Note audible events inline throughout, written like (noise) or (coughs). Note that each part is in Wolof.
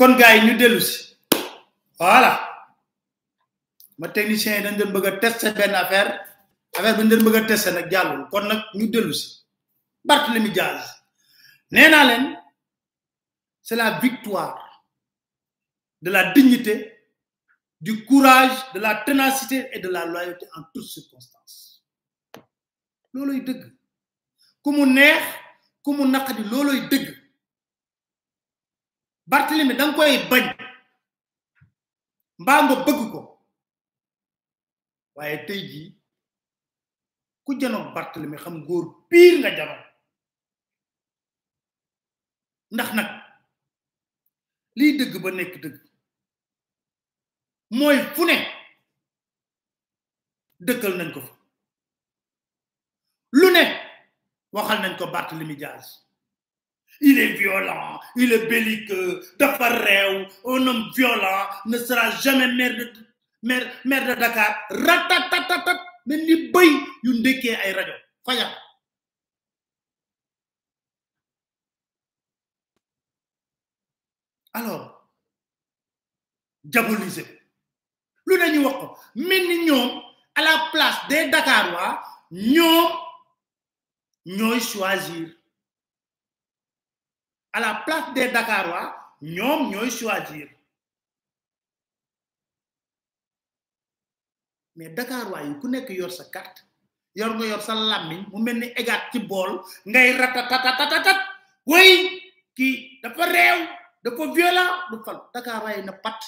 kon gars ñu dellu si voilà ma technicien dañ doon bëgg a tester benn affaire affaire bi ñu doon bëgg a tester nag jàllul kon nag ñu dellu si Barthélemy Diaz nee naa leen c'est la victoire de la dignité du courage de la ténacité et de la loyauté en toutes circonstances looloy dëgg ku mu neex ku mu naqadi looloy dëgg Barthélemy da nga koy bañ mbaa bëgg ko waaye tey jii ku janoog Barthélemy xam góor piir nga janoog ndax nag lii dëgg ba nekk dëgg mooy fu ne dëkkal nañ ko fa lu ne waxal nañ ko Barthélemy Dias Il est violent, il est belliqueux, d'affaires, un homme violent ne sera jamais maire de, maire, maire de Dakar. Ratatatatat, mais ni boy, il qui a radio. Faya. Alors, diaboliser. Lu dañuy wax ko nous, ñom à la place des Dakarois nous, ñoy choisir à la place des Dakarois ñoom ñooy choisir mais Dakarois yi ku nekk yor sa carte yor nga yor sa làmmiñ mu mel ni égaat ci bool ngay ratatatatat way kii dafa réew dafa violent du fal Dakarois yi na pat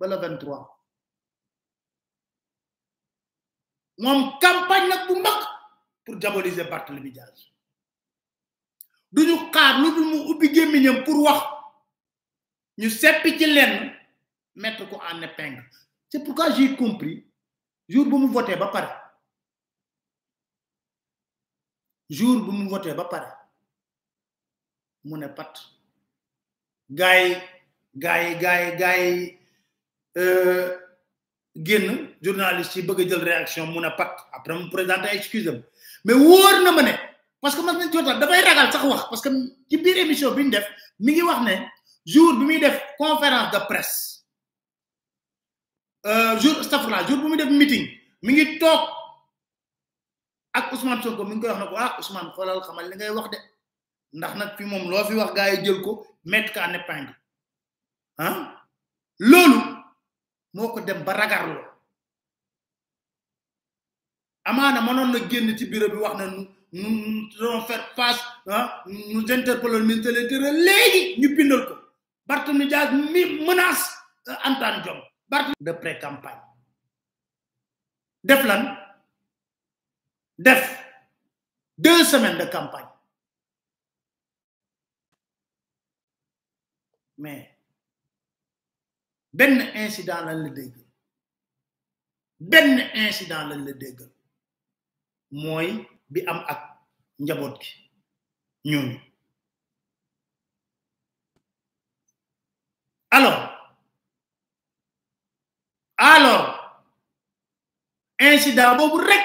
ba le 23 moom campagne nag bu mag pour diaboliser Barthélémy Dias duñu xaar lu dul mu ubbi gémmiñam pour wax ñu seppi ci lenn mettre ko en épingle c'est pourquoi j'ai compris jour bu mu voté ba pare jour bu mu voté ba pare mu ne pat gaay gaay gaay gaay euh génn journaliste yi bëgg a jël réaction mu ne pat après mu présenter excuse am mais wóor na ma ne parce que mas nañ ko dafay ragal sax wax parce que ci biir émission bi ñu def mi ngi wax ne jour bi muy def conférence de presse euh, jour stafla jour bi muy def meeting mi ngi toog ak Ousmane Sonko mi ngi koy wax ne ko ah Ousmane xoolal xamal li ngay wax de ndax nag fi moom loo fi wax gars yi jël ko mettre ko en épingle ah loolu moo ko dem ba ragarloo amaana mënoon na génn ci bureau bi wax na nous devons faire face hein, nous interpellons le ministère de l'Intérieur léegi nous bindal ko Barthélemy Dias mi menace euh, Antoine de pré-campagne def def deux semaines de campagne mais ben incident lañ le dégg Ben incident lañ le dégg moi bi am ak njaboot gi ñooñu alors alors incident boobu rek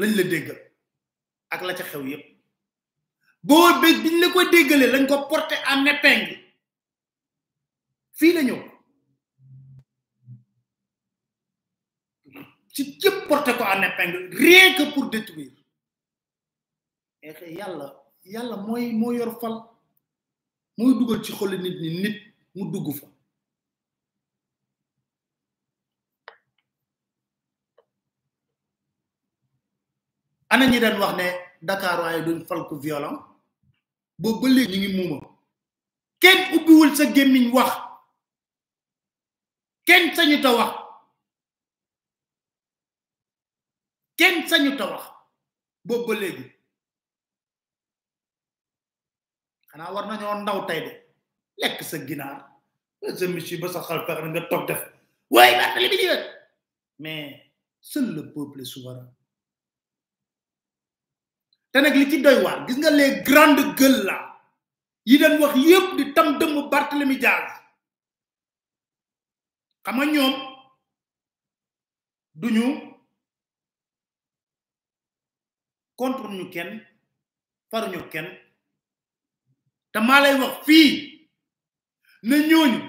lañ la déggal ak la ca xew yépp boo bég biñ la ko déggalee lañ ko porté en épingle fii la ci képp porté ko en épingle rien que pour détruire yàlla yàlla mooy moo yor fal mooy dugal ci xolu nit ñi nit mu dugg fa ana ñi den wax ne Dakar waaye duñ fal ku violent boobu ba léegi ñu ngi muuma kenn ubbiwul sa gémmiñ wax kenn sañu ta wax sañu ta wax boobu ba léegi xanaa war nañoo ndaw tey de lekk sa ginaar sa monsieur ba sa xal fex na nga toog def waaye ba li bi di mais seul le peuple est te nag li ci doy waar gis nga les grandes gueules là yi dañ wax yépp di tam dëmm Barthélemy Diaz xam nga ñoom duñu contre ñu kenn faruñu kenn te maa lay wax fii ne ñooñu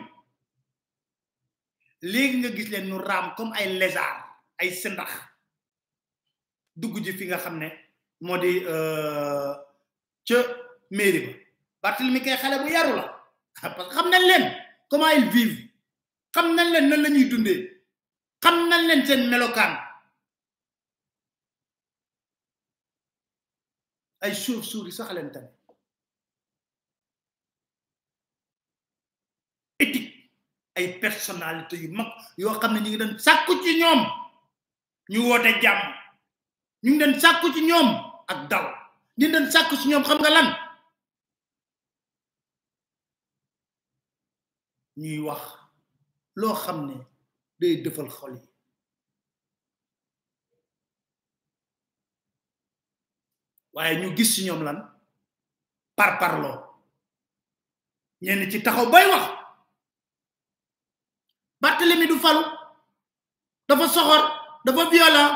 léegi nga gis leen ñu raam comme ay lézard ay sëndax dugg ji fi nga xam ne moo di euh, ca mairie ba Barthélemy kay xale bu yaru la parce xam nañ leen comment ils vivent xam nañ leen nan la ñuy dundee xam nañ leen seen melokaan ay chauve suur sax leen tane éthique ay personnalité yu mag yoo xam ne ñu ngi doon sàkku ci ñoom ñu woote jàmm ñu ngi doon sàkku ci ñoom ak dal ñu ngi doon sàkku ci ñoom xam nga lan ñuy wax loo xam ne day defal xol yi waaye ñu gis ci ñoom lan par parloo ñenn ci taxaw bay wax Barthélemy du falu dafa soxor dafa violent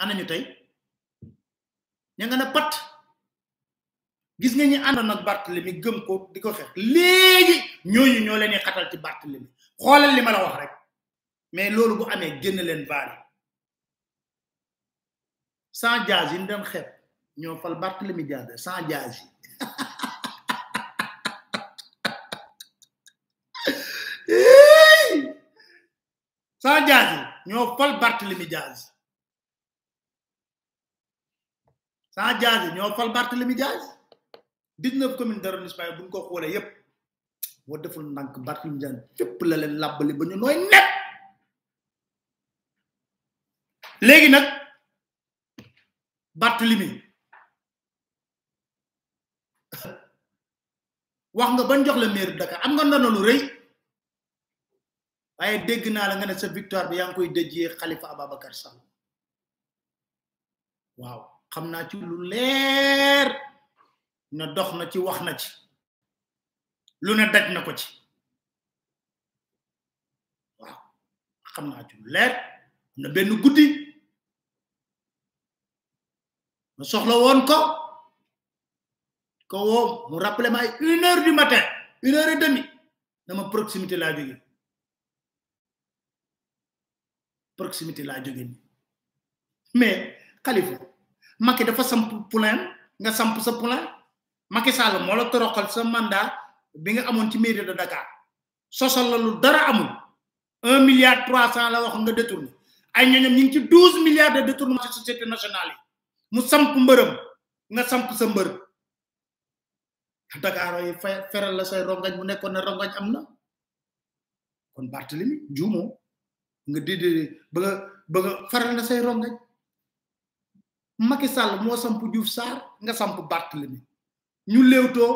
ana ñu tey ña nga ne pat gis nga ñi àndoon ak Barthélemy gëm ko di ko xeex léegi ñooñu ñoo leen xatal ci Barthélemy xoolal li ma la wax rek mais loolu bu amee génn leen baari sans jaas yi ñu dem xeeb ñoo fal Barthélemy Diaz sans Diaz yi (laughs) sans Diaz yi ñoo fal Barthélemy Diaz sans Diaz yi ñoo fal Barthélemy Diaz dix-neuf communes d'arrondissement yi bu ñu ko xoolee yépp boo deful ndànk Barthélemy Diaz fépp la leen làbbali ba ñu nooy nekk léegi nag Barthélemy wax nga ban jox la maire Dakar am nga ndono lu rëy waaye dégg naa la nga ne sa victoire bi yaa ngi koy dëjee Khalifa Ababacar Sall waaw xam naa ci lu leer na dox na ci wax na ci lu ne daj na ko ci waaw xam naa ci leer na benn guddi ma soxla woon ko ko woo eh, mu rappelé may 1 une heure du matin 1 heure et demie dama proximité la jóge proximité la jóge mais khalifa maké dafa samp plein nga samp sa plein maké Sall mo la toroxal sa mandat bi nga amone ci mairie de Dakar sosal la lu dara amul 1 milliard 300 la wax nga détourner ay ñoñam ñi ci 12 milliards de détournement ci société nationale yi mu samp mbeureum nga samp sa mbeureum Ndakaaro yi fe feral la say rongañ mu nekkoon ne rongañ am na kon Barthélemy juumoo nga dédé ba nga ba nga feral na say rongañ Macky Sall moo samp Diouf Sarr nga samp Barthélemy ñu léewtoo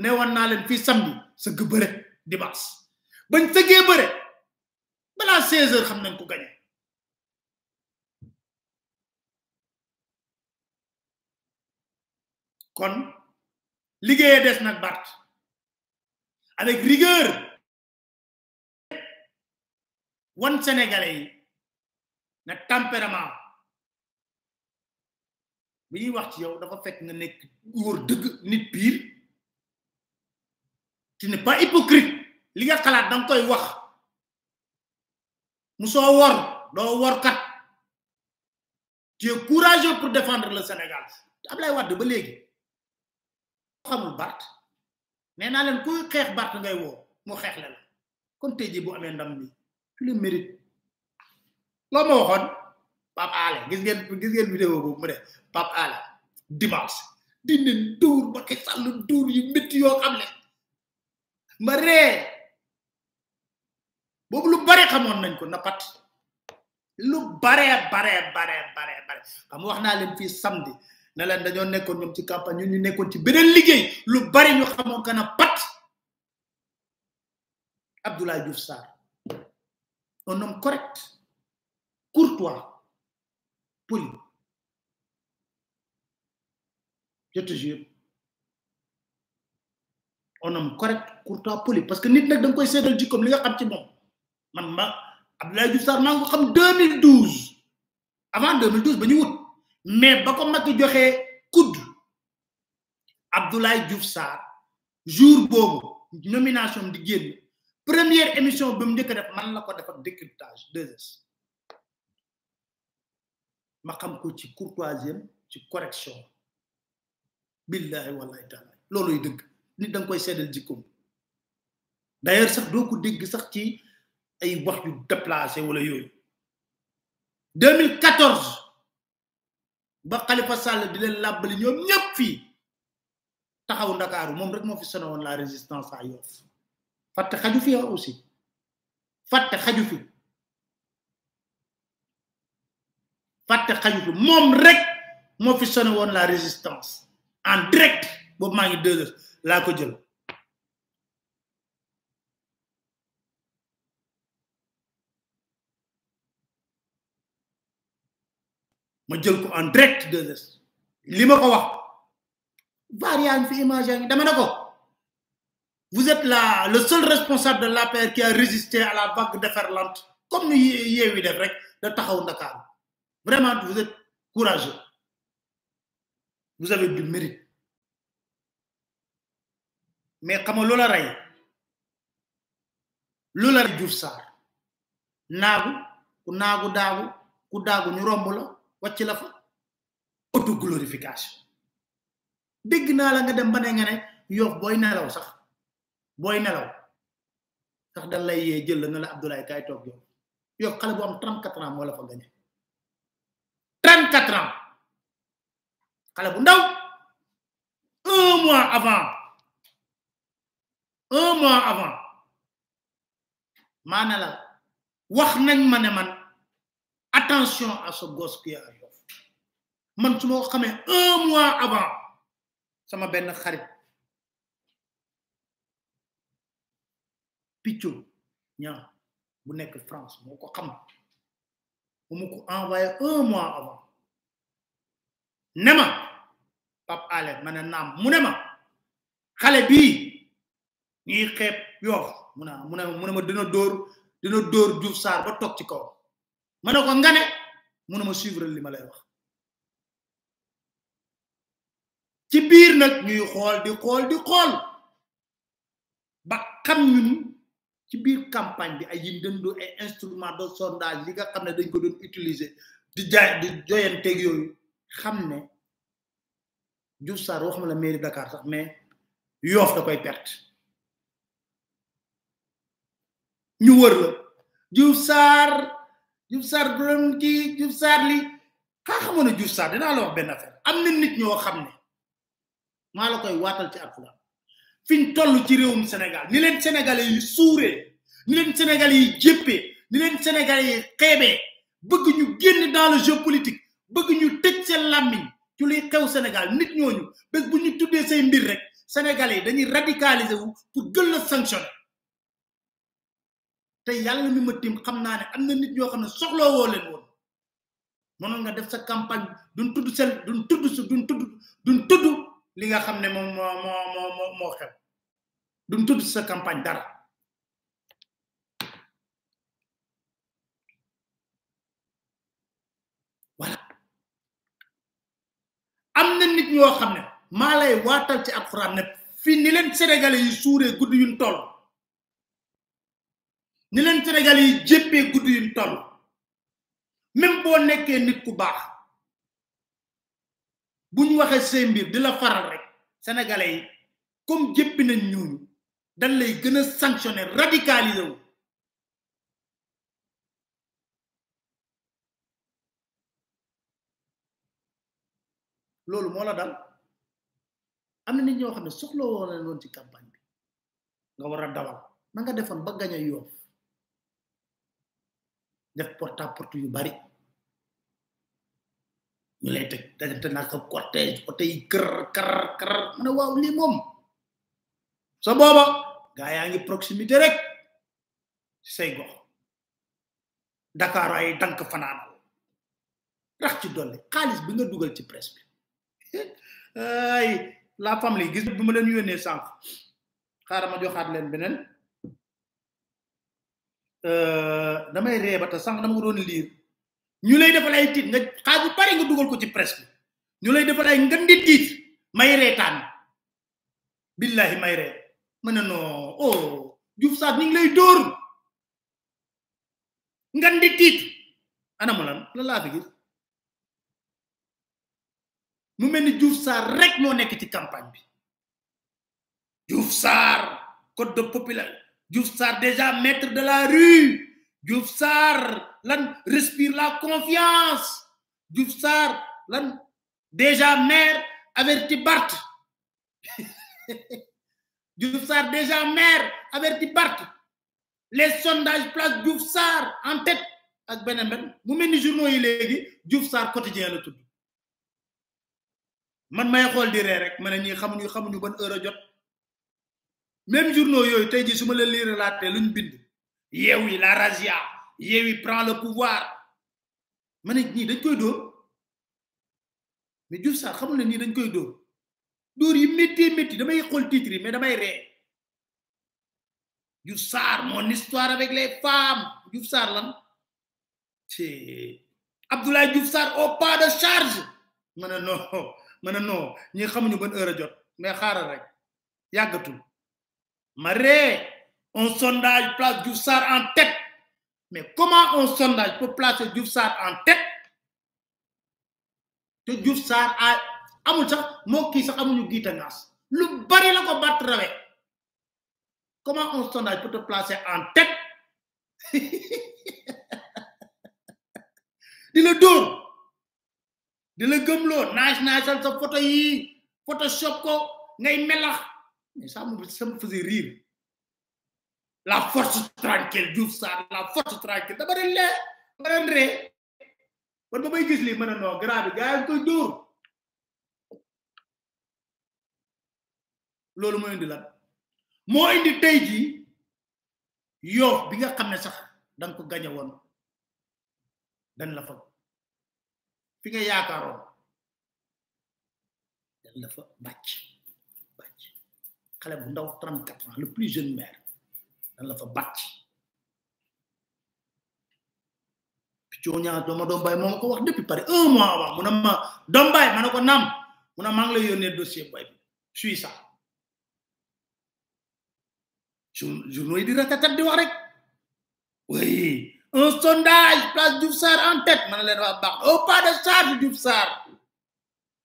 ne woon naa leen fii samedi sëgg bëre dimanche bañ sëggee bëre balaa 16 heures xam nañ ko gañe kon liggéeyee des nag bat avec rigueur wan sénégalais na tempérament bi ñuy wax ci yow dafa fekk na nekk góor dëgg nit pire tu n'es pas hypocrite li xalaat danga koy wax mu soo wor doo workat tu es courageux pour défendre le Sénégal Ablaye Wade ba léegi xamul Bart nee naa leen kuy xeex Bart ngay woo mu xeex la la kon jii bu amee ndam bi tu le mérite loo ma waxoon Pape Alé gis ngeen gis ngeen vidéo boobu mu ne Pape Alé dimanche dina dóor Macky Sall dóor yu métti yoo xam ne ma ree boobu lu bare xamoon nañ ko na pat lu bare bare bare bare xam wax naa leen fii samedi ne leen dañoo nekkoon ñoom ci campagne ñun ñu nekkoon ci beneen liggéey lu bari ñu xamoon pat Abdoulaye Diouf sar un homme correct courtois poli je te jure un homme correct courtois poli parce que nit nag da nga koy seetal comme li nga xam ci moom man ma Abdoulaye Diouf sar maa ngi ko xam 2012 avant 2012 ba ñu wut mais ba ko Macky joxee kudd Abdoulaye Diouf sar jour boobu nomination di génn première émission ba mu def man la ko def ak décryptage 2S ma xam ko ci courtoisie ci correction billahi wallahi taala looluy deug nit dang koy seddal jikkoom d'ailleurs sax doko ko sax ci ay wax yu déplacer wala yooyu 2014 ba Khalifa Sall di leen làbbali ñoom ñëpp fii taxaw ndakaaru moom rek moo fi sono woon la résistance à Yoff fàtte xaju fi ah aussi fàtte xaju fi fàtte xaju fi moom rek moo fi sono woon la résistance en direct boobu maa ngi deux heures laa ko jël ma jël ko en direct 2S li ma ko wax var fi image yaa dama vous êtes la le seul responsable de paire qui a résisté à la vague déferlante comme ni yewi def rek da taxaw Ndakaaru vraiment vous êtes courageux vous avez du mérite mais xama lola loola lola loola rey Diouf Sarr naagu ku naagu daagu ku daagu ñu romb la wacc la fa auto glorification deg na la nga dem bané nga né yof boy nelaw sax boy nelaw sax dal lay yé jël na la abdoulaye kay tok yow yof xalé bu am 34 ans mo la fa gagné 34 ans xalé bu ndaw un mois avant un mois avant manala wax nañ mané man attention à ce gosse qui a à Yoff man Ça ma un mois avant sama benn xarit picco ñaa bu nekk France moo xam mu vous m'avez envoyé un mois avant Nema, pap Alain, mon nom, ne ne je dina dina ba ma ne ko nga ne mënuma suivre li ma lay wax ci biir nag ñuy xool di xool di xool ba xam ñun ci biir campagne bi ay yi ay instrument de sondage yi nga xam ne dañ ko doon utiliser di jaay di joyanteeg yooyu xam ne Diouf Sarr waxuma la mairie Dakar sax mais Yoff da koy perte ñu wër la Diouf Sarr Diouf Sarr problème kii Diouf Sarr lii xaa xamoon ne Diouf Sarr dinaa la benn affaire am na nit ñoo xam ne maa la koy waatal ci alxuraan fiñ toll ci réewum Sénégal ni leen sénégalais yi suuree ni leen sénégalais yi jéppee ni leen sénégalais yi xeebee bëgg ñu génn dans le jeu politique bëgg ñu tëj seen làmmiñ ci luy xew Sénégal nit ñooñu bés bu ñu tuddee say mbir rek sénégalais yi dañuy radicaliser wu pour gën la sanctionner te yàlla mi ma tiim xam naa ne am na nit ñoo xam ne soxla leen woon mënoon nga def sa campagne duñ tudd sel duñ tudd su duñ tudd li nga xam ne moom moo moo moo moo xew tudd sa campagne dara voilà am na nit ñoo xam ne maa lay waatal ci alxuraan ne fii ni leen sénégalais yi suuree guddi yuñ toll ni leen Sénégal yi jéppee guddi yuñ toll même boo nekkee nit ku baax buñ waxee seen mbir di la faral rek sénégalais yi comme jéppi nañ ñooñu dañ lay gën a sanctionner radicaliser wu loolu moo la dal am na nit ñoo xam ne soxla woon leen woon ci campagne bi nga war a dawal na nga ba gañ a def porte à porte yu bari ñu lay tëj dajante naa ko cortège oto yi kër kër kër mu ne waaw li mom sa booba gaay yaangi proximité rek say gox dakar ay dank fanaanal rax ci dolli xaliss bi nga duggal ci presse bi (laughs) ay la famille gis bima len yone sank xaram ma joxat len benen Eh, damay reba ta sang dama ko doon lire ñu lay defal ay tit nga xaju bari nga duggal ko ci presse bi ñu lay defal ay ngandit tit may retan billahi may re mané no oh juuf sa ni ngi lay door ngandit tit ana mo lan la la mu melni juuf sa rek mo nek ci campagne bi juuf sa code de populaire Diouf Sar déjà maître de la rue Diouf Sar lan respire la confiance Diouf Sar lan déjà maire averti Bart. (laughs) Diouf Sar déjà maire averti Bart. les sondages placent Diouf Sar en tête ak beneen benn mu journaux yi léegi Diouf Sar quotidien la tudd man may xol di re rek ma ne ñii xamuñu xamuñu ban heure a jot même journaux yoy tay suma la liir lu la prend le pouvoir ma ne dañ koy do mais dañ koy do door yi metti metti damay titre mais damay ré mon histoire avec les femmes Diouf lan Abdoulaye au pas de charge mané non mané non ñi heure jot mais xara Marais, on sondage place Dioufsar en tête. Mais comment on sondage pour placer Dioufsar en tête te Dioufsar a amul sax moi qui sax nas. lu bari la comment on sondage pour te placer en tête (laughs) di le dóor di lo. nice, nice, sa photo yi photoshop ko ngay Mais ça me, ça me faisait rire. La force tranquille, Diouf Sarr, la force tranquille. dama doon lee dama doon ree man ba may gis lii ma ne non grand bi gars yi koy dóor loolu moo indi lan moo indi tey ji Yoff bi nga xam ne sax da ko gañe woon dañ la fi nga yaakaaroon dañ la fa bàcc xalé bu ndaw 34 ans le plus jeune maire dan la fa bacc cooñaa dama doom bay moom ko wax depuis Paris un mois avant mu ma doom bay ma ko nam mu ne maa ngi lay yone dossier boy bi suis ça journaux di ratatat di wax rek oui un sondage place du sar en tête ma ne leen au pas de charge du sar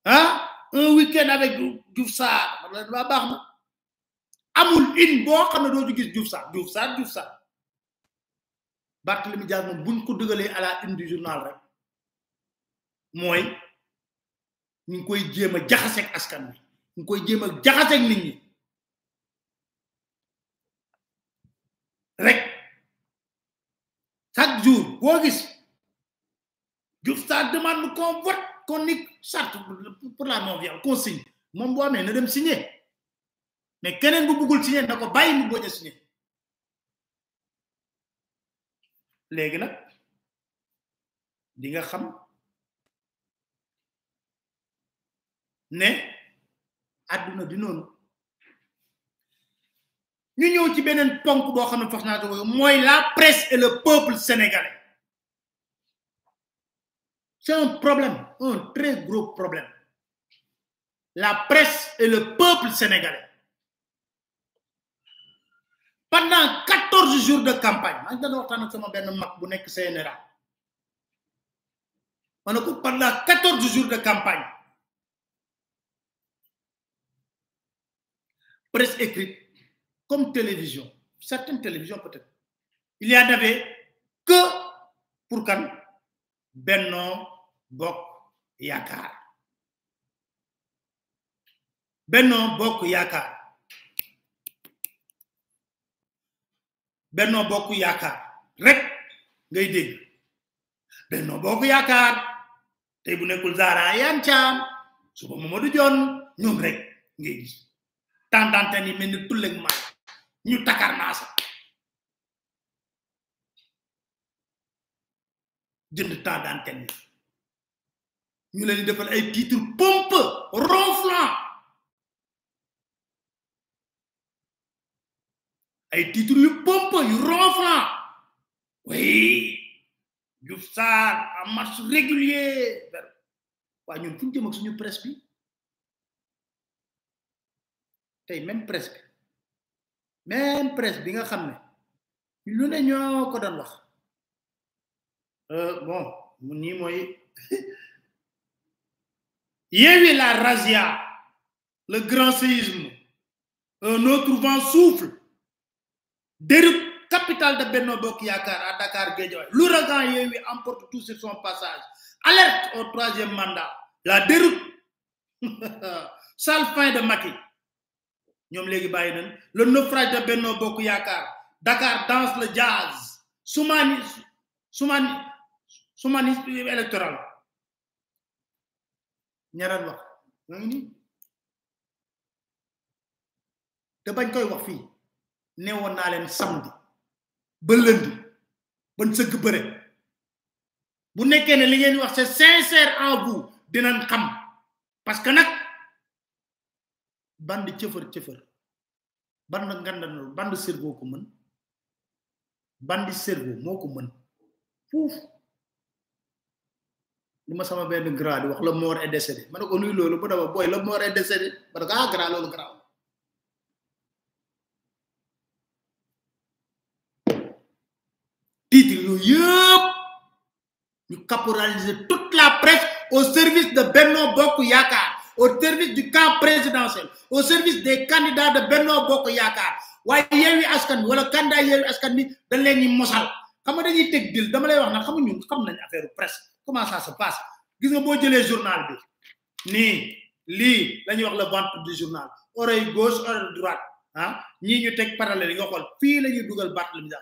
ah un week-end avec Diouf Sarr ma amul une boo xam ne doo ci gis Diouf Sarr Diouf Sarr Diouf Sarr Barthélemy Dias moom buñ ko dëgalee à la une du journal rek mooy ñu ngi koy jéem a jaxaseeg askan bi ñu ngi koy jéem a jaxaseeg nit ñi rek chaque jour boo gis Diouf Sarr demande qu'on vote qu'on nique charte pour la non violence qu'on signe moom boo amee na dem signer mais keneen bu bëggul signé da ko bàyyi mu bañ a signé léegi nag di nga xam ne àdduna di noonu ñu ñëw ci beneen ponk boo xam ne foog naa mooy la presse et le peuple sénégalais c'est un problème un très gros problème la presse et le peuple sénégalais pendant quatorze jours de campagne maa ngi daan waxtaan ak sama benn mag bu nekk CNRA ma ne ko quatorze jours de campagne presse écrite comme télévision certaines télévisions peut-être il y que pour kan Benno Bokk Yaakaar Benno Bokk Yaakaar bennoo bokk yaakaar rek ngay dégg bennoo bokk yaakaar tey bu nekkul Zahra Iyane Thiam suba Mamadou Dione ñoom rek ngay gis tàntante ni mel ni tulleeg maay ñu takar naa jënd temps d'antenne ñu leen di defal ay titre pompe ronflant Et titre le pompe, yu oui ça, en marche régulier ñun ak suñu presse bi même presse même presse bi nga xamné lu ne euh, bon mu y a eu la razia. le grand séisme un autre vent souffle déroute capitale de Benno Yakar à Dakar Guédiouaï. L'ouragan Yéwi emporte tout sur son passage. Alerte au troisième mandat. La déroute. (laughs) Sale fin de Biden. Le naufrage de Benno Yakar, Dakar danse le jazz. Soumani, Soumani, Soumani électoral. ñaareel wax. te bañ koy wax fii. newoon naa leen samedi ba lundi ban sëgg bëre bu nekkee ne li ngeen wax c'est sincère en vous dinañ xam parce que nag band cëfër cëfër band ngandanool band cerveau ko mën bandi cerveau moo ko mën fuuf li ma sama benn grand di wax le mort est décédé ma ne ko nuy loolu bu dama booy le mort est décédé ma ne ko ah loolu grand titre nous yépp nous caporaliser toute la presse au service de Benno Boko Yaka au service du camp présidentiel au service des candidats de Benno Bokk Yakar waaye yewi askan wala candidat yewi askan bi dañ leen ñi mosal xam nga dañuy teg dil dama lay wax nag xamu ñun xam nañ affaire presse comment ça se passe gis nga boo jëlee journal bi nii lii lañuy wax le ventre du journal oreille gauche oreille droite ah ñii ñu teg parallèle nga xool fii la ñuy dugal le Diaz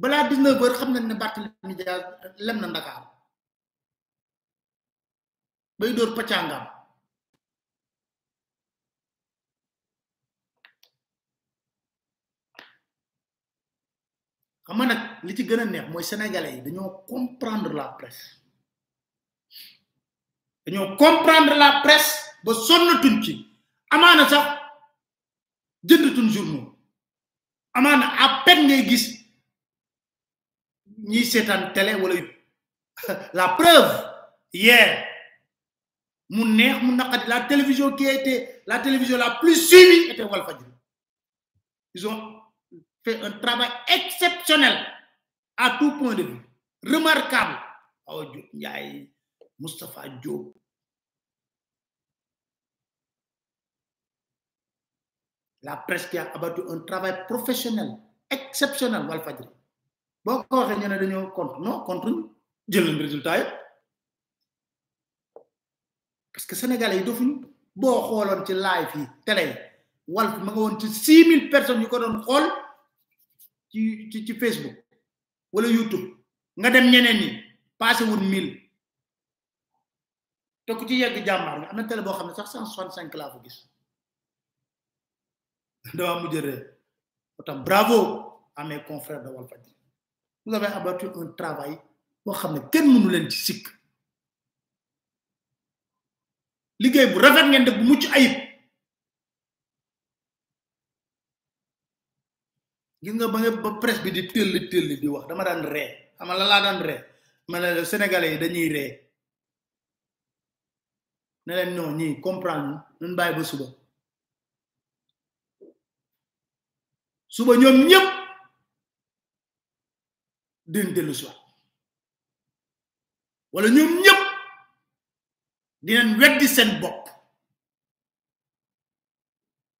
balaa 19 heures xam nañ ne Barthélémy Dias lem na Ndakaaru bay dóor paccaangaam xam nga nag li ci gën a neex mooy sénégalais yi dañoo comprendre la presse dañoo comprendre la presse ba sonnatuñ ci amaana sax jëndatuñ journaux amaana à peine gis ni télé (laughs) la preuve hier la télévision qui a été la télévision la plus suivie était Walfadjri ils ont fait un travail exceptionnel à tout point de vue remarquable Moustapha la presse qui a abattu un travail professionnel exceptionnel Walfadjri boo ko waxee dañoo contre non contre jëlal résultat yëpp parce que sénégalais yi dofuñ boo xooloon ci live yi télé yi Walf ma nga woon ci six mille personnes yu ko doon xool ci ci ci Facebook wala YouTube nga dem ñeneen yi passé wun mille te ku ci yegg jàmbaar nga am ne tele boo xam ne sax cent soixante cinq laa ko gis (laughs) dama mujjëree otam bravo à mes confrères de Walfadjri vous avez abattu un boo xam ne kenn mënu leen ci sikk liggéey bu rafet ngeen def bu mucc ayib gis nga ba nga ba presse bi di tëll tëll di wax dama daan ree xam nga la daan ree ma ne sénégalais yi dañuy ree ne leen non ñii comprendre ñun bàyyi ba suba suba ñoom ñëpp dinañ dellu si waat wala ñoom ñëpp dinañ weddi seen bopp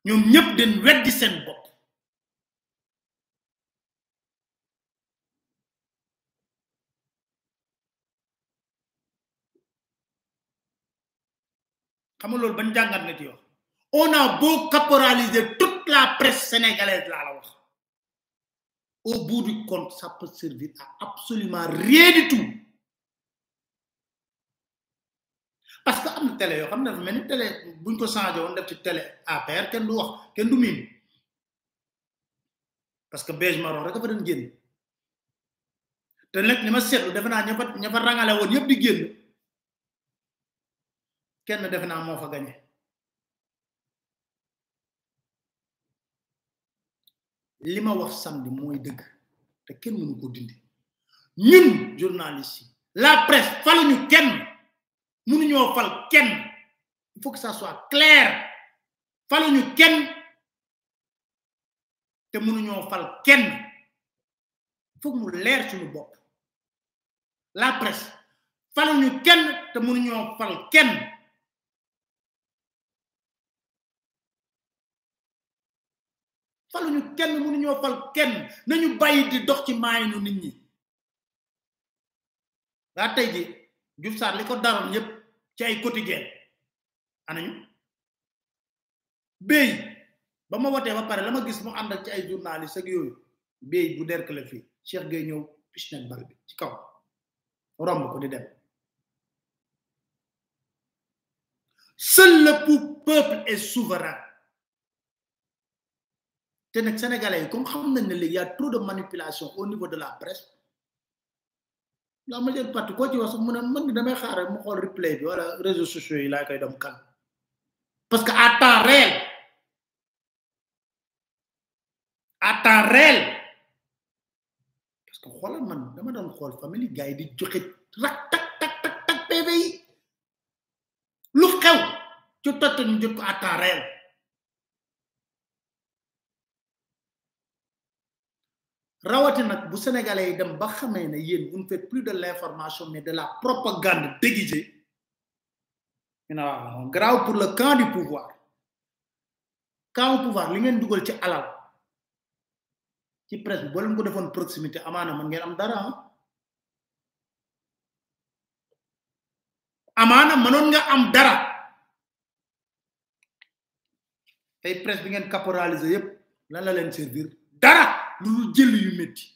ñoom ñëpp dinañ weddi seen bopp xam nga loolu ban jàngat nga ci wax on a beau caporaliser toute la presse sénégalaise laa la wax au bout du compte, ça peut servir à absolument rien du tout. Parce que am télé yoo xam ne mel ni télé buñ ko changé woon def ci télé APR kenn du wax kenn du miin parce que beige marron rek fa doon génn té nek li ma seetlu defe naa ñafa fa ña fa rangale di génn kenn defe na moo fa gañe li ma wax samedi mooy dëgg te kenn mënu ko dindi ñun journalistes yi la presse faluñu kenn mënuñoo fal kenn il faut que ça soit clair faluñu kenn te mënuñoo fal kenn il faut que mu leer suñu bopp la presse faluñu kenn te mënuñoo fal kenn faluñu kenn mënuñoo fal kenn nañu bàyyi di dox ci maayinu nit ñi daa tey ji Diouf Sarr li ko daroon yépp ci ay quotidien anañu béy ba ma wotee ba pare la ma gis mu ànd ci ay journaliste ak yooyu béy bu derk la fii Cheikh Gueye ñëw pichnet bal bi ci kaw romb ko di dem seul peuple est souverain té nak sénégalais comme xam nañ ne légui y a trop de manipulation au niveau de la presse la majeure partie ko ci wax mu ne man damay xaar mu xol replay bi wala réseaux sociaux yi la koy dem kan parce que à temps réel à temps réel parce que xolal man dama doon xol famille gaay di joxe rak tak tak tak tak bébé yi lu xew ci tot ñu jot à temps réel rawati nak bu sénégalais dem ba xamé né yeen vous ne faites plus de l'information mais de la propagande déguisée non graw pour le camp du pouvoir camp pouvoir li ngeen duggal ci alal ci presse bo leen ko defone proximité amana man ngeen am dara ah. amana manon nga am dara tay presse bi ngeen caporaliser yépp lan la leen servir dara lu jël yu métti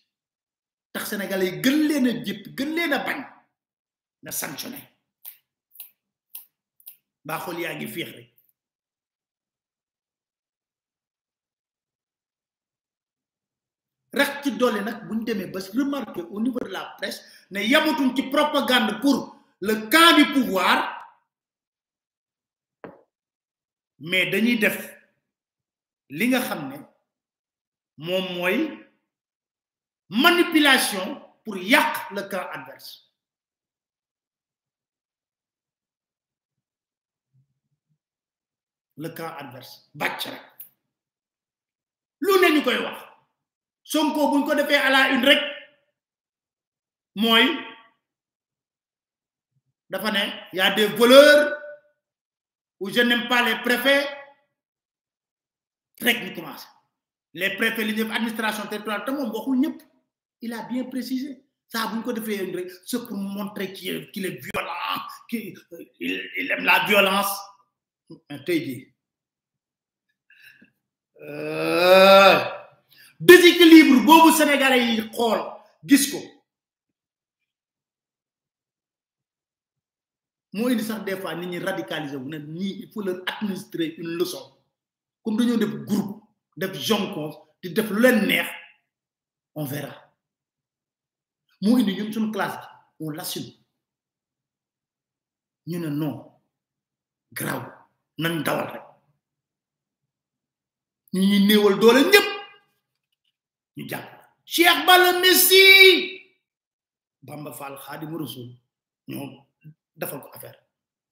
tax sénégalais yi gën leen a jëpp gën leen bañ na sanctionné baa yaa ngi fiix rek rax ci doole nag bu demee ba remarqué au niveau de la presse ne yamatuñ ci propagande pour le camp du pouvoir mais dañuy def li nga xam ne Mon moyen manipulation pour yac le camp adverse le camp adverse bachara Lune lu ne son koy wax Sonko buñ ko defee à la une rek Moi, dafa y a des voleurs ou je n'aime pas les préfets rek nous commençons les préfets les administrations, territoriales, administration territoriale il a bien précisé ça a beaucoup de defee ce pour montrer qu'il est violent qu'il euh, aime la violence tey TD. Euh, déséquilibre boobu sénégalais yi xool gis Moi, il indi sax des fois nit ñi radicaliser il faut leur administrer une leçon comme avons des groupe def di def lu leen on verra nous sommes ñun suñu classe bi on nous ñu ne non graw nañ dawal rek ñu ñuy néewal doole ñëpp ñu jàpp Cheikh le Messi Bamba Fall Rasul ñoo defal ko affaire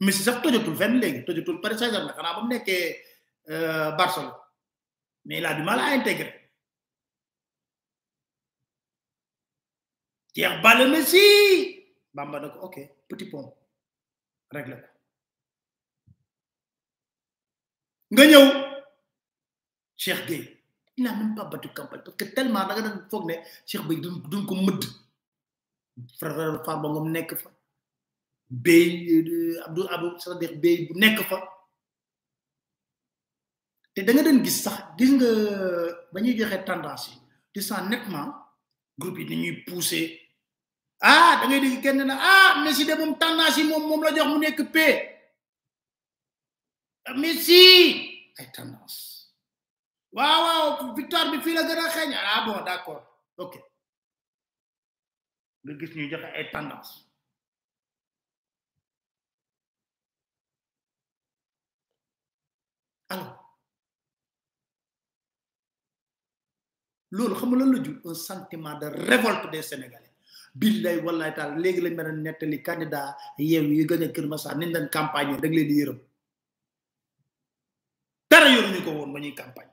Messi sax tojatul fenn léegi tojatul Paris Saint-Germain xanaa ba mu euh, Barcelone mais il a du mal à intégrer. Pierre Bal le Bamba na ok petit pont réglé nga ñëw Cheikh Gueye il n'a même pas battu campagne parce que tellement da nga foog ne Cheikh Gueye duñ duñ ko mëdd frère Farba Ngom nekk fa Bey euh, Abdou Abdou c'est-à-dire Bey nekk fa te da nga gis sax gis nga ba ñuy joxe tendance yi tu sens nettement groupe yi ni ñuy poussé ah da ngay kenn na ah Messi de tendance yi moom moom la jox mu nekk P ah, Messi ay tendance waaw waaw victoire bi fii la gën a xeeñ ah bon d'accord ok nga gis ñuy joxe ay tendance loolu xam nga lan la jur un sentiment de révolte des sénégalais billaay wallaay taal léegi lañ mën a nettali candidat yew yi gën a Kër Massar niñ dañ campagne rek leen di yërëm dara yoruñu ko ñuy campagne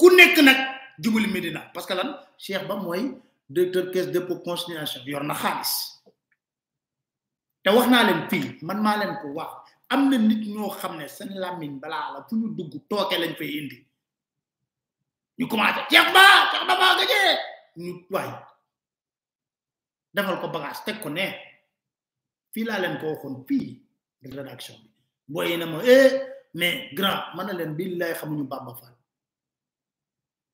ku nekk nag jubali Medina parce que lan Cheikh Ba mooy directeur caisse dépôt consignation yor na xaalis te wax naa leen fii man maa leen ko wax am na nit ñoo xam ne seen làmmiñ balaa la fu ñu dugg tooke lañ fay indi ñu commencé Cheikh Ba Cheikh Ba Ba Gaye ñu waay defal ko bagaas teg ko ne fii laa leen ko waxoon fii rédaction bi booy na ma eh mais grand mën na leen billaay xamuñu Bamba Fall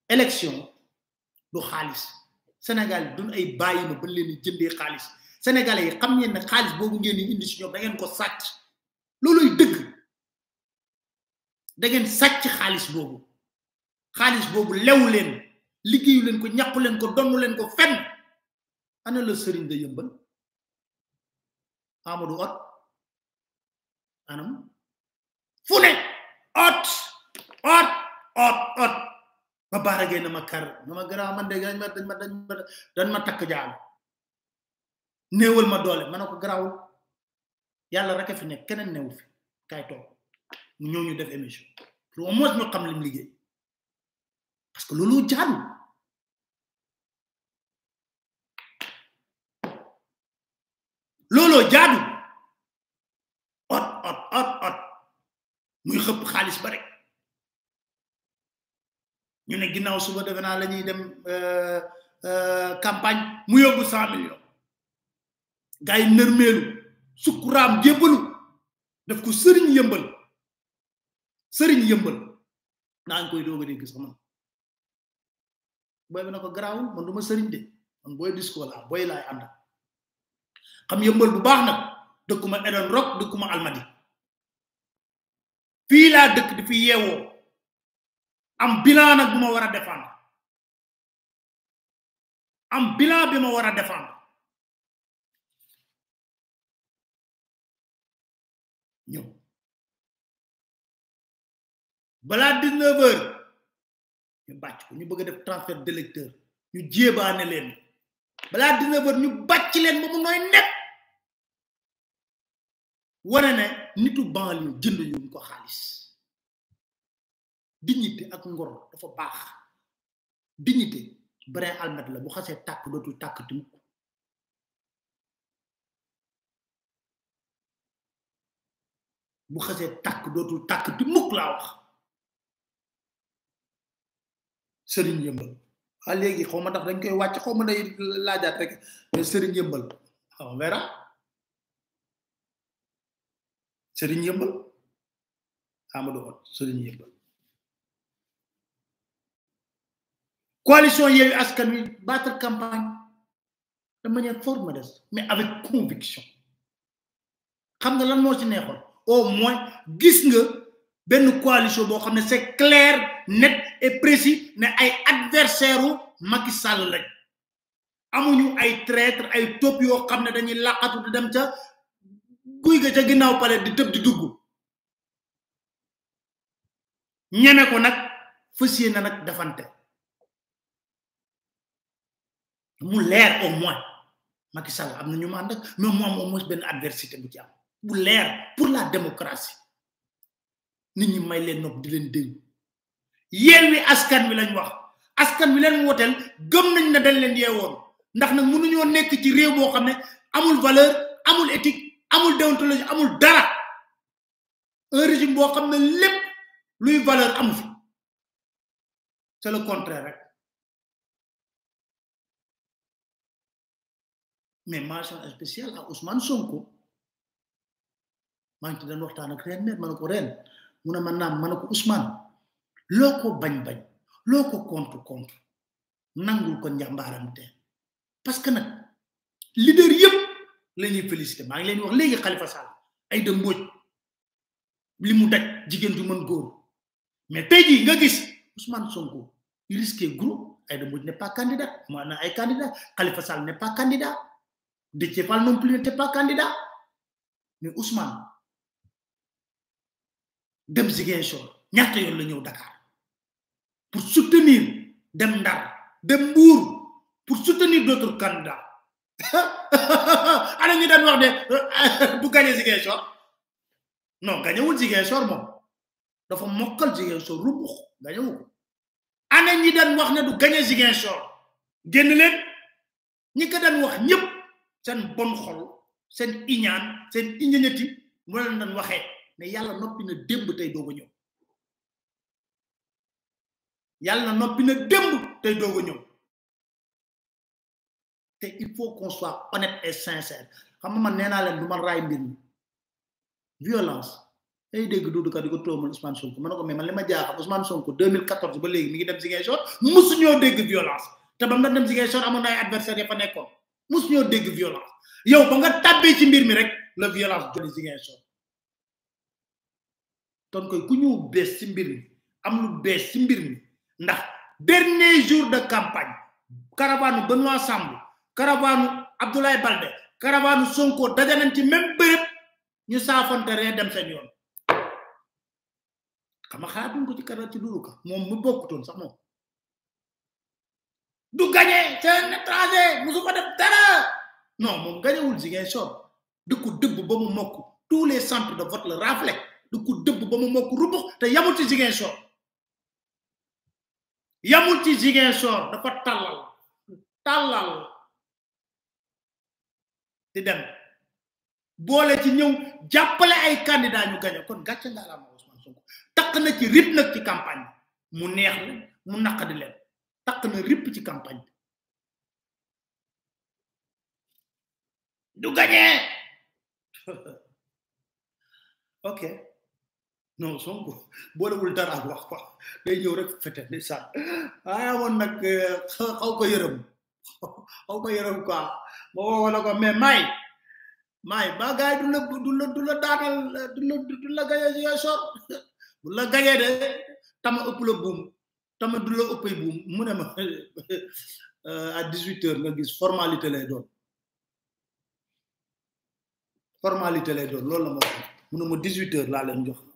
élection du xaalis Sénégal duñ ay bàyyi ma ba leen di jëndee xaalis Sénégalais yi xam ne xaalis boobu ngeen di indi si ñoom da ngeen ko sàcc looluy dëgg da ngeen sàcc xaalis boobu. xaalis boobu lew leen liggéeyu leen ko ñàqu leen ko donnu leen ko fenn ana la sëriñ de yëmbal Amadou ot anam fu ne ot ot ot ot ba baaragee na ma kar na ma garaaw man de dañ ma dañ ma dañ ma takk jaal néewal ma doole ma ne ko garaawul yàlla rek a fi nekk keneen newu fi kaay toog ñoo ñu def émission pour au moins xam lim liggéey pas kelulucan. lolo jadu ot ot ot ot muy xep xaliss ba rek ñu ne ginnaw suba defe lañuy dem euh euh campagne mu yóbbu 100 millions gars yi sukuram sukkuraam jébbalu daf ko serigne yembal serigne yembal naa koy doga a dégg booy bi na ko garaawul man du ma sëriñ de man booy disco booy laay ànd xam yëmbal bu baax nag dëkkuma Eden Rock dëkkuma Almadi fii laa dëkk di fi yeewoo am bilan nag bu war a défendre am bilan bi ma war a défendre ñëw balaa 19 heures ñu bàcc ko ñu bëgg def transfert de lecteur ñu jébaane leen balaa dina wër ñu bàcc leen ba mu nooy net wane ne nitu ñu jënd ñu ko xaalis dignité ak ngor dafa baax dignité bare almet la bu xasee tàkk dootul tàkk ti mukk bu xasee tàkk dootul tàkk ti mukk laa wax sëriñ yëmbal ah léegi xaw ma ndax dañ koy wàcc xaw ma day laajaat rek mais sëriñ yëmbal ah, on verra sëriñ yëmbal Amadou sëriñ yëmbal coalition Yewwi Askan Wi battre campagne de manière fort modeste mais avec conviction xam nga lan moo ci neexoon au gis nga c'est clair net et précis ne ay adversaire u Macky Sall lañ amuñu ay traître ay top yoo xam ne dañuy laqatu di dem ca guy ga ca ginnaaw di tëb di dugg ñeme ko nag fas n'a nag defante leer au moins Macky Sall ñu mais moom adversité bu ci am bu leer pour la démocratie nit ñi may leen nopp di leen dégg wi askan wi lañ wax askan wi leen woteel gëm nañ ne dañ leen yeewoon ndax nag mënuñoo nekk ci réew bo xam ne amul valeur amul éthique amul déontologie amul dara un régime boo xam ne lépp luy valeur amu fi c'est le contraire rek mais mention spéciale à Ousmane Sonko maa ngi ci doon waxtaan ak ren ne ma ne ko muna man naam ma ne ko ousmane loo ko bañ-bañ loo ko nangul ko njàmbaaram te parce que nak leader yépp lañuy féliciter ma ngi leen wax léegi khalifa sall ay de mboj limu daj jigen du man goor mais tay ji nga gis usman sonko il risque gros ay de mboj n'est pas candidat ay candidat khalifa sall n'est pas candidat non plus n'était pas candidat mais ousmane dem Ziguinchor ñatt yoon la ñew Dakar pour soutenir dem Ndar dem bour pour soutenir d'autres candidats ala (laughs) ñu daan wax ne du (laughs) gagné Ziguinchor non gagné wul Ziguinchor mom dafa mokkal Ziguinchor rubux gagné wu ana ñi daan wax ne du gagné Ziguinchor genn leen ñi ka daan wax ñep sen bon xol sen iñaan sen iñeñati mo leen daan waxe mais yàlla noppi na démb tey doog a ñëw yàlla noppi na démb tey doog a ñëw te il faut qu'on soit honnête et sincère xam nga man nee naa leen du man raay mbir mi violence ay dégg Doudou Ka di ko toomal Ousmane Sonko ma ne ko mais man li ma jaaxal Ousmane Sonko 2014 ba léegi mi ngi dem Ziguinchor musuñoo dégg violence te ba mu dem Ziguinchor amoon na ay adversaires ya fa nekkoon musuñoo dégg violence yow ba nga tàbbee ci mbir mi rek la violence jëli kon ku ñu bees simbir mbir mi am lu bees ci mbir ndax dernier jour de campagne caravane Benoît Sambou caravane Abdoulaye Baldé caravane Sonko daje nañ ci même béréb ñu saafante ree dem seen yoon xam nga xaatuñ ko ci kanam ci loolu moom mu bokkutoon sax moom du gagné c'est un musu ko def dara non moom gagné wul Ziguinchor dëkku dëbb ba mu mokk tous les centres de vote le raflé du ko dëbb ba mu mokk rubux te yamul ci jigéen soor yamul ci jigéen soor dafa tàllal tàllal di dem boole ci ñëw jàppale ay candidat ñu gañe kon gàcce nga la ma Ousmane Sonko takk na ci rip nag ci campagne mu neex leen mu di leen takk na rip ci campagne du gagné (laughs) ok non Sonko boolewul dara ak (laughs) wax quoi day ñëw rek fete ndeysaan ay amoon nag eh, xaw ko yërëm xaw ko yërëm quoi ma woo la ko mais may may ba gars du la du la du la du la du la gayee yooy sor la gayee de tama ëpp la buum tama du la ëppay buum mu ne ma (laughs) euh, à dix nga gis formalité lay doon formalité lay doon loolu la ma mu ne ma laa leen jox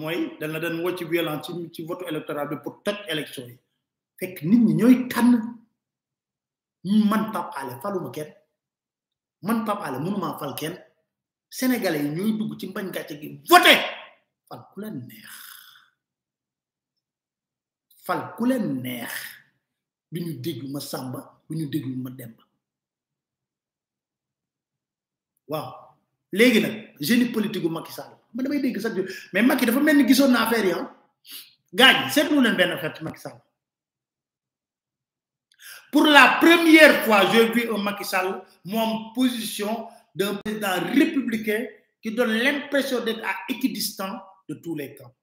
mooy dañ la daan woo ci violence ci ci vote électoral bi pour toj élection yi fekk nit ñi ñooy tànn man Pape Alé faluma kenn man Pape Alé fal kenn sénégalais yi ñooy dugg ci mbañ gàcce gi vote fal ku leen neex fal ku leen neex bi ñu déglu ma sàmba du ñu déglu ma demba waaw léegi nag génie politique gu Macky Sall man damay dégg chaque mais Macky dafa mel ni gisoon na affaire yi ah gars qui seetlu leen benn Macky Sall pour la première fois je vis un Macky Sall moom position d'un président républicain qui donne l'impression d'être à équidistant de tous les camps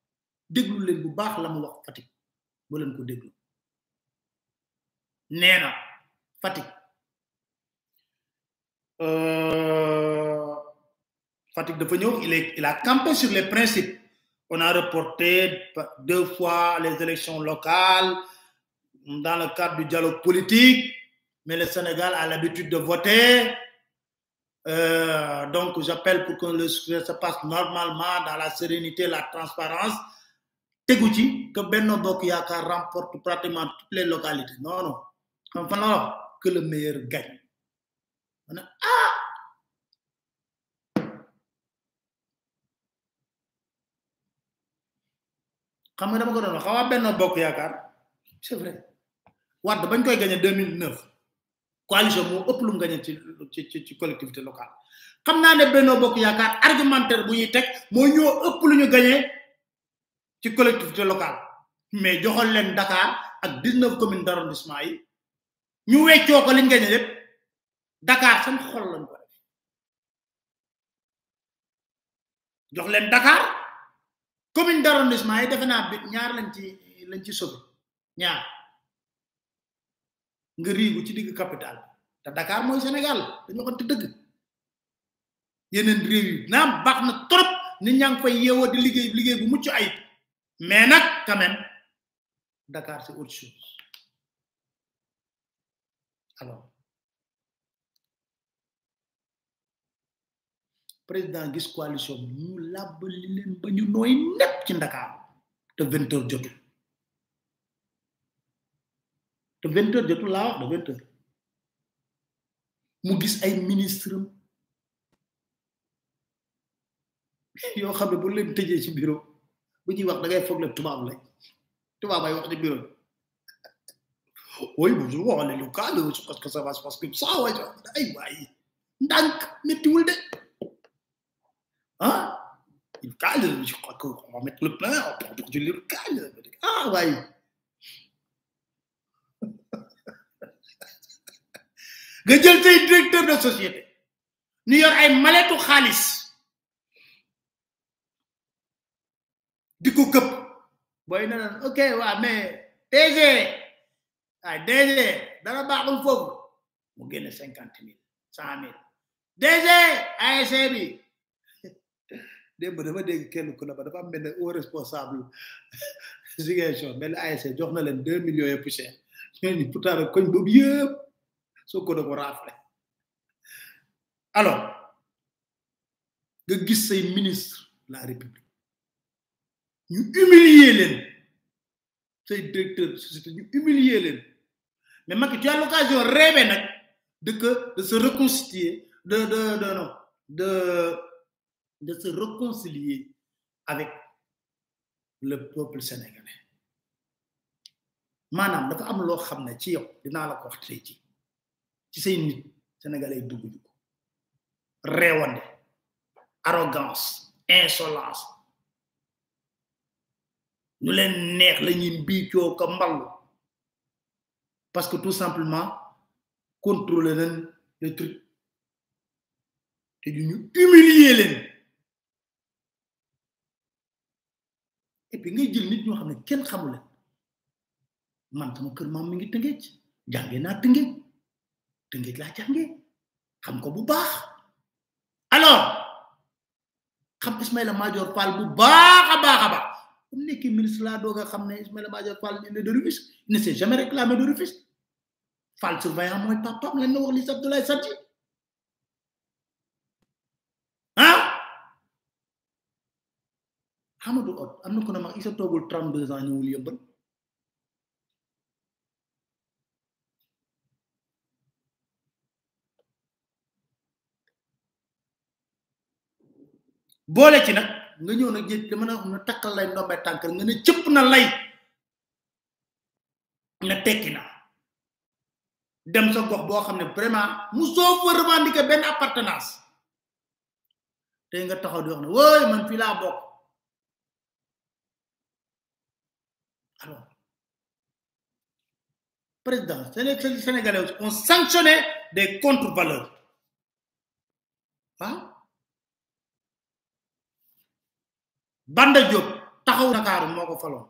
déglu leen bu baax la mu wax Fatick ba leen ko déglu nee na Euh... Fatigue de il, il a campé sur les principes. On a reporté deux fois les élections locales dans le cadre du dialogue politique, mais le Sénégal a l'habitude de voter. Euh, donc, j'appelle pour que le sujet se passe normalement dans la sérénité, la transparence. Tegouti, que Benno Bokyaka remporte pratiquement toutes les localités. Non, non. Enfin, non, que le meilleur gagne. ah! xam nga dama ko doon wax xawa benn bokk yaakaar c'est vrai Wade bañ koy gagné 2009 coalition moo ëpp lu mu gagné ci ci ci collectivité locale xam naa ne benn bokk yaakaar argumentaire bu ñuy teg moo ñoo ëpp lu ñu gagné ci collectivité locale mais joxoon leen Dakar ak 19 communes d'arrondissement yi ñu weccoo ko liñ gagné yépp Dakar seen xol lañ ko def jox leen Dakar. commune d'arrondissement yi defe naa bi ñaar lañ ci lañ ci sauvé ñaar nga riigu ci digg capital te Dakar mooy Sénégal dañu waxante dëgg yeneen réew yi naam baax na trop nit ñaa ngi koy yeewoo di liggéey liggéey bu mucc ay mais nag quand même Dakar c'est autre chose président gis coalition bi ñu làbbali leen ba ñu nooy nepp ci ndaka te vingt heures jotu te vingt heures jotul laa wax de vingt heures mu gis ay ministre yoo xam ne bu leen tëjee ci bureau bu ñuy wax da ngay foog ne tubaab la tubaab wax ci bureau oui bonjour on est local parce que ça va se passer comme ça waay waay de Hein Il calme, je crois qu'on va mettre le plein, on va perdre du local. Ah oui. Je suis le directeur de la société. Nous avons un malet tout Khalis. Du coup, Boy, non, non. ok, mais TG, DG, dans la barre de fou, on gagne 50 000, 100 000. DG, il dafa dégg kenn ne ba dafa responsable (laughs) millions pourtant koñ alors nga gis ministre la république ñu humilier leen say société humilier mais Macky tu as l'occasion de que de se reconstituer de de non de de se réconcilier avec le peuple sénégalais Manam, dafa am lo xamne ne ci yow dina la ko wax tey ci ci say nit sénégalais dugg ñu ko arrogance insolence ñu len neex la ñuy mbiicoo ko mballu parce que tout simplement contrôler contrôlent les trucs te du ñu humilier et puis ngay jël nit ñoo xam ne kenn xamul man sama kër maam mi ngi tëngeej jàngee naa tëngeej tëngeej laa jàngee xam ko bu baax alors xam Ismaïla Madior Fall bu baax a baax a baax comme nekkee ministre laa doog xam ne Ismaïla Madior Fall il est de Rufisque il ne s'est jamais réclamé de Rufisque Fall surveillant mooy papaam lañ na wax li Abdoulaye Sadji Amadou Hott am na ko ne ma isa toogul trente deux ans ñëwul yëbbal boole ci nag nga ñëw nag jé dama ne xam ne takkal lay ndombe tànk nga ne cëpp na lay na tekki na dem sa gox boo xam ne vraiment mu soo fa revendiquer benn appartenance te nga taxaw di wax ne wooy man fii bokk Alors, président, les Sénégalais ont sanctionné des contre-valeurs. Hein? Ah? Banda Diop, taxaw Dakar moo ko faloon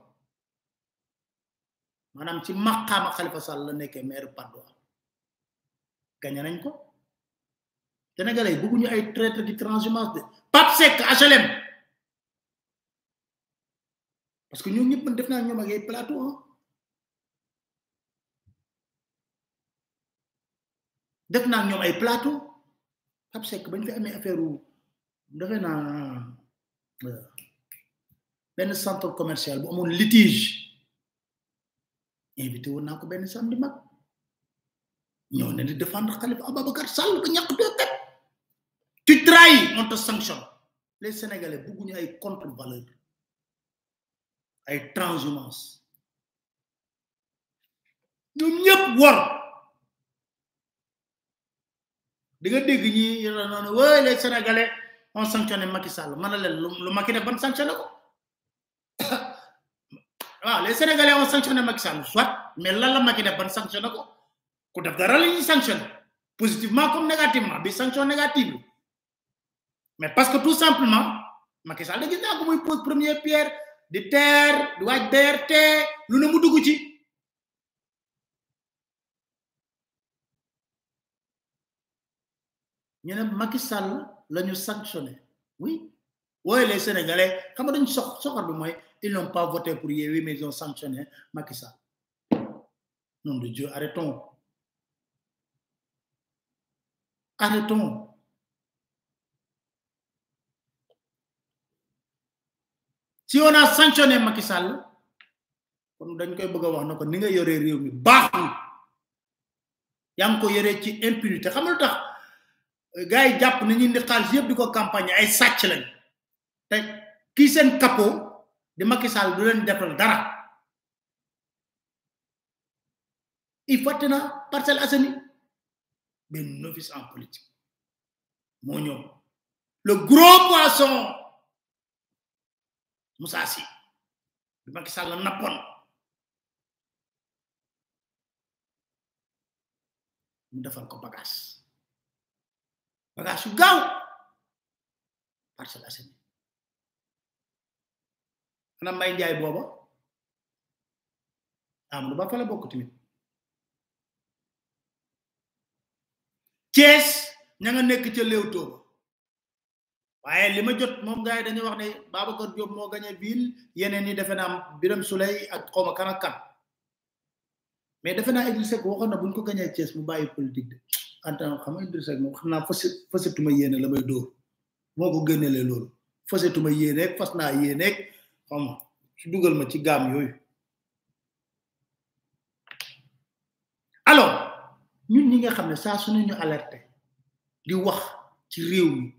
maanaam ci maqaama Khalifa Sall la nekkee maire Padoa gañe nañ ko sénégalais yi bëgguñu ay traître di transhumance de Pape Seck HLM parce que ñooñu ñëpp man def naa ñoom ak ay plateau ah def ñoom ay plateau Pape Seck bañ fi amee affaire u defe naa euh, benn centre commercial bu amoon litige invité woon naa ko benn samedi mag ñëw na di défendre Khalifa Ababacar Sall ba ñàkk doo kat tu trahis on te sanctionne les bugguñu ay contre valeur ay transhumance ñoom ñëpp war di nga ñi les sénégalais ont sanctionné Macky Sall mën na lu Macky def ban sanctionné ko (coughs) les sénégalais ont sanctionné Macky Sall soit mais là, le Macky def ban sanctionné ko ku def dara des sanctions, sanctionné positivement comme négativement bi sanction négative mais parce que tout simplement Macky Sall da gis naa pose première pierre de terre, de waaj BRT lu ne mu dugg ci ñu ne Macky Sall la ñu sanctionné oui Oui, les sénégalais xam nga dañu sox ils n'ont pas voté pour Oui mais ils ont sanctionné Macky nom de Dieu arrêtons arrêtons si on a sanctionné Macky kon dañ koy bëgg wax na ko ni nga yoree réew mi baaxul yaa ngi ko yore ci impunité xam lu tax gars yi jàpp nañu indi xaalis yëpp di ko campagne ay sàcc lañ te kii seen capot di Macky Sall du leen defal dara il fàtte na Parcelles Assainies benn novice en politique moo ñëw le gros poisson Musasi, Sy bi Macky Sall nappoon mu defal ko bagas bagage yu dia ibu, Assainies ana may bobo am ah, lu ba fa la bokku timit ties ña nga ci lew Leewtoo waaye li ma jot moom gars yi dañuy wax ne Babacar Diop moo a ville yeneen yi defe naa biram Souley ak xaw ma kan mais defe naa Idrissa Seck waxoon na bu ñu ko gagné cees mu bàyyi politique de en tant que xam nga Idrissa Seck moom xam yéene la may dóor moo ko génnelee loolu fasatuma yéeneeg fas naa yéeneeg xaw ma su dugal ma ci gaam yooyu alors ñun ñi nga xam ne saa su alerte di wax ci réew mi.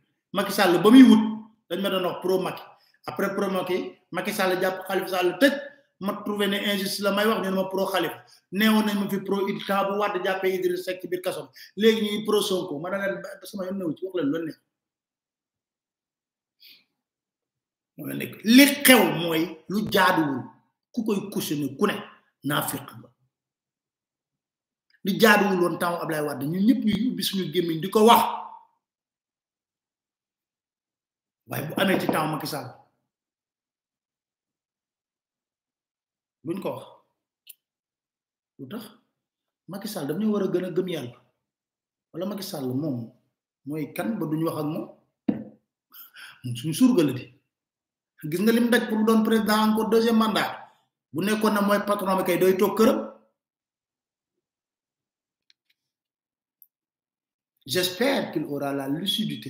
Macky sàll ba muy wut dañ ma doon wax pro Macky après pro Macky Macky sàll jàpp Khalifa sàll tëj ma trouvé ne injustice la may wax ñu ma pro Khalifa neewoon nañ ma fi pro Idi temps bu Wade jàppee kaso léegi ñuy pro ma daan leen sama yoon newu ci wax leen loolu li xew mooy lu jaaduwul ku koy cautionné ku ne naafiq nga li jaaduwul woon temps Ablaye Wade ñun ñëpp ñuy ubbi suñu gémmiñ di ko wax. waaye bu amee ci temps Macky Sall luñ ko wax lu tax Macky Sall daf ñu war a gën a gëm yàlla walla Macky Sall moom mooy kan ba duñu wax ak moom moom suñu la di gis nga lim daj pour doon président encore deuxième mandat bu nekkoon na mooy patron bi kay doy toog këram j'espère qu'il aura la lucidité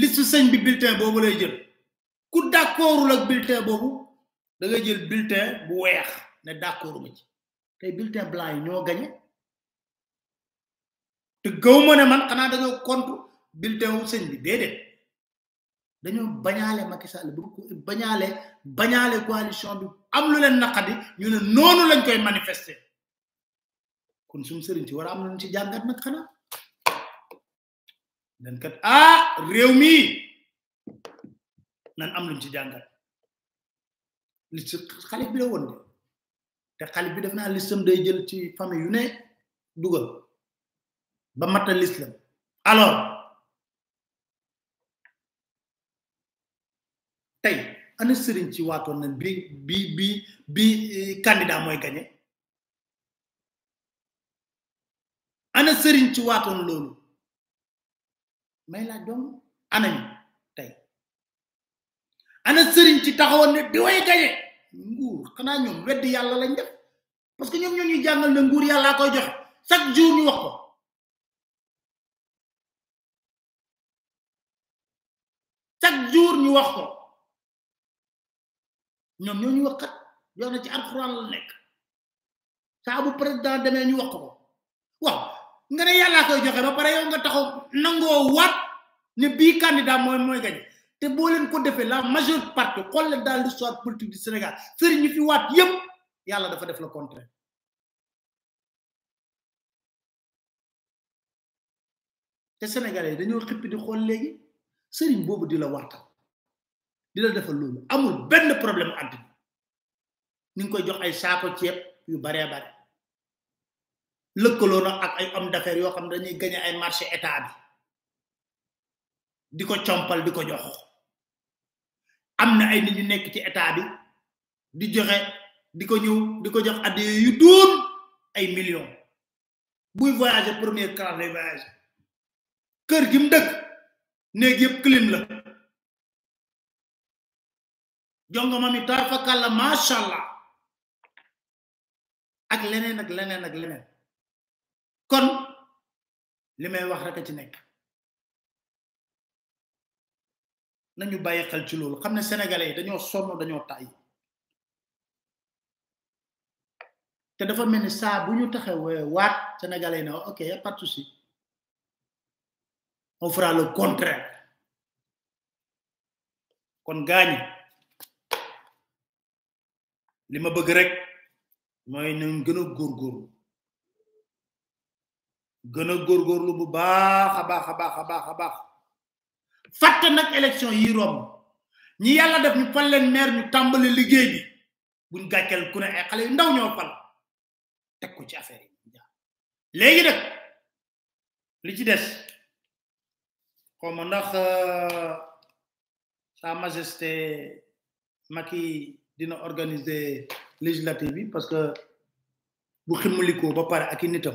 liste sëñ bi bulletin boobu lay jël ku d'accordul ak biltin boobu da ngay jël bulletin bu weex ne d'accorduma ci tey bulletin blanc yi ñoo gañe te gaw ne man xanaa dañoo contre bulletin wu sëñ bi déedéet dañoo bañaale Macky Sall bu ko bañaale bañaale coalition bi am lu leen naqadi ñu ne noonu lañ koy manifester kon suñu sëriñ ci war a am nañ ci jàngat nag xanaa Dan kat ah réew mi nan am luñ ci jàngat li ci xalif bi la woon te xalif bi def naa listam day jël ci famille yu ne dugal ba matal l'islam alors tey ana sëriñ ci waatoon nañ bi bi bi bi eh, candidat mooy gagné ana sëriñ ci waatoon loolu may laaj doomu ana ni tey ana sëriñ ci taxawon ne di way gañe nguur xanaa ñoom wedd yàlla lañ def parce que ñoom ñoo ñuy jàngal ne nguur yàllaa koy jox chaque jour ñu wax ko chaque jour ñu wax ko ñoom ñoo ñu wax kat yow na ci alquran la nekk saa bu président demee ñu wax ko waaw nga ne yàllaa koy joxe ba pare yow nga taxaw nangoo waat ne bii candidat mooy mooy gañ te boo leen ko defee la majeure partie xool leen dans l'histoire politique du Sénégal sëriñ ñu waat yépp yàlla dafa def le contraire te Sénégalais dañoo xippi di xool léegi sëriñ boobu di la waxtaan di la defal loolu amul benn problème àddina ni ngi koy jox ay saako ceeb yu baree bare lëkkaloo ak ay homme d'affaires yoo xam dañuy gagné ay marché état bi di ko compal di ko jox am na ay nit ñu nekk ci état bi di joxe di ko ñëw di ko jox adde yu duun ay millions buy voyager premier classe lay voyager kër gi mu dëkk néeg yëpp clim la jongoma mami tarfa ma sha allah ak leneen ak leneen ak leneen kon li may wax rek a ci nekk nañu bàyyi xel ci loolu xam ne sénégalais yi dañoo sonn dañoo tàyyi te dafa mel ni saa bu ñu taxawee waat sénégalais yi ne ok y a pas de kon gaañi li ma bëgg rek mooy nañ gën a góor gën a góorgóorlu bu baax a baax a baax a baax a baax fàtte nag élection yi romb ñi yàlla def ñu fal leen ñu tàmbali liggéey bi buñ gàcceel ku ne ay xale yu ndaw ñoo fal teg ku ci affaire léegi nag li ci des xaw ma ndax euh, sa majesté Macky dina organiser législative bi parce que bu ximmalikoo ba pare ak i nitam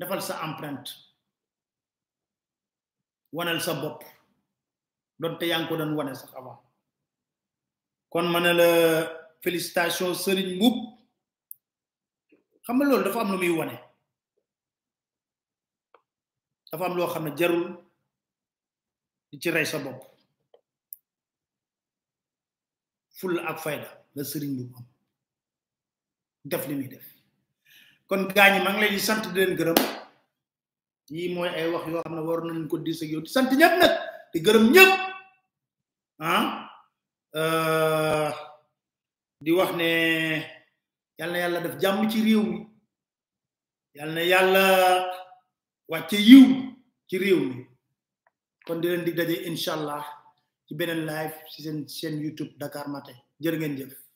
defal sa empreinte wanal sa bopp doonte yaa ngi ko doon wane sax avant kon ma ne la félicitation Serigne Mboup xam nga loolu dafa am lu muy wane dafa am loo xam ne jarul di ci rey sa bopp fulla ak fayda la Serigne Mboup am def li muy def kon gañ ma ngi lay di sant di leen gërëm yi moy ay wax yo xamna war nañ ko diss ak yow di sant ñepp nak di gërëm han ah, euh di wax ne yalla yalla def jamm ci rew mi yalla yalla wacce yiw ci rew mi kon di len di dajé inshallah ci benen live ci sen chaîne youtube dakar matin jeur ngeen jeuf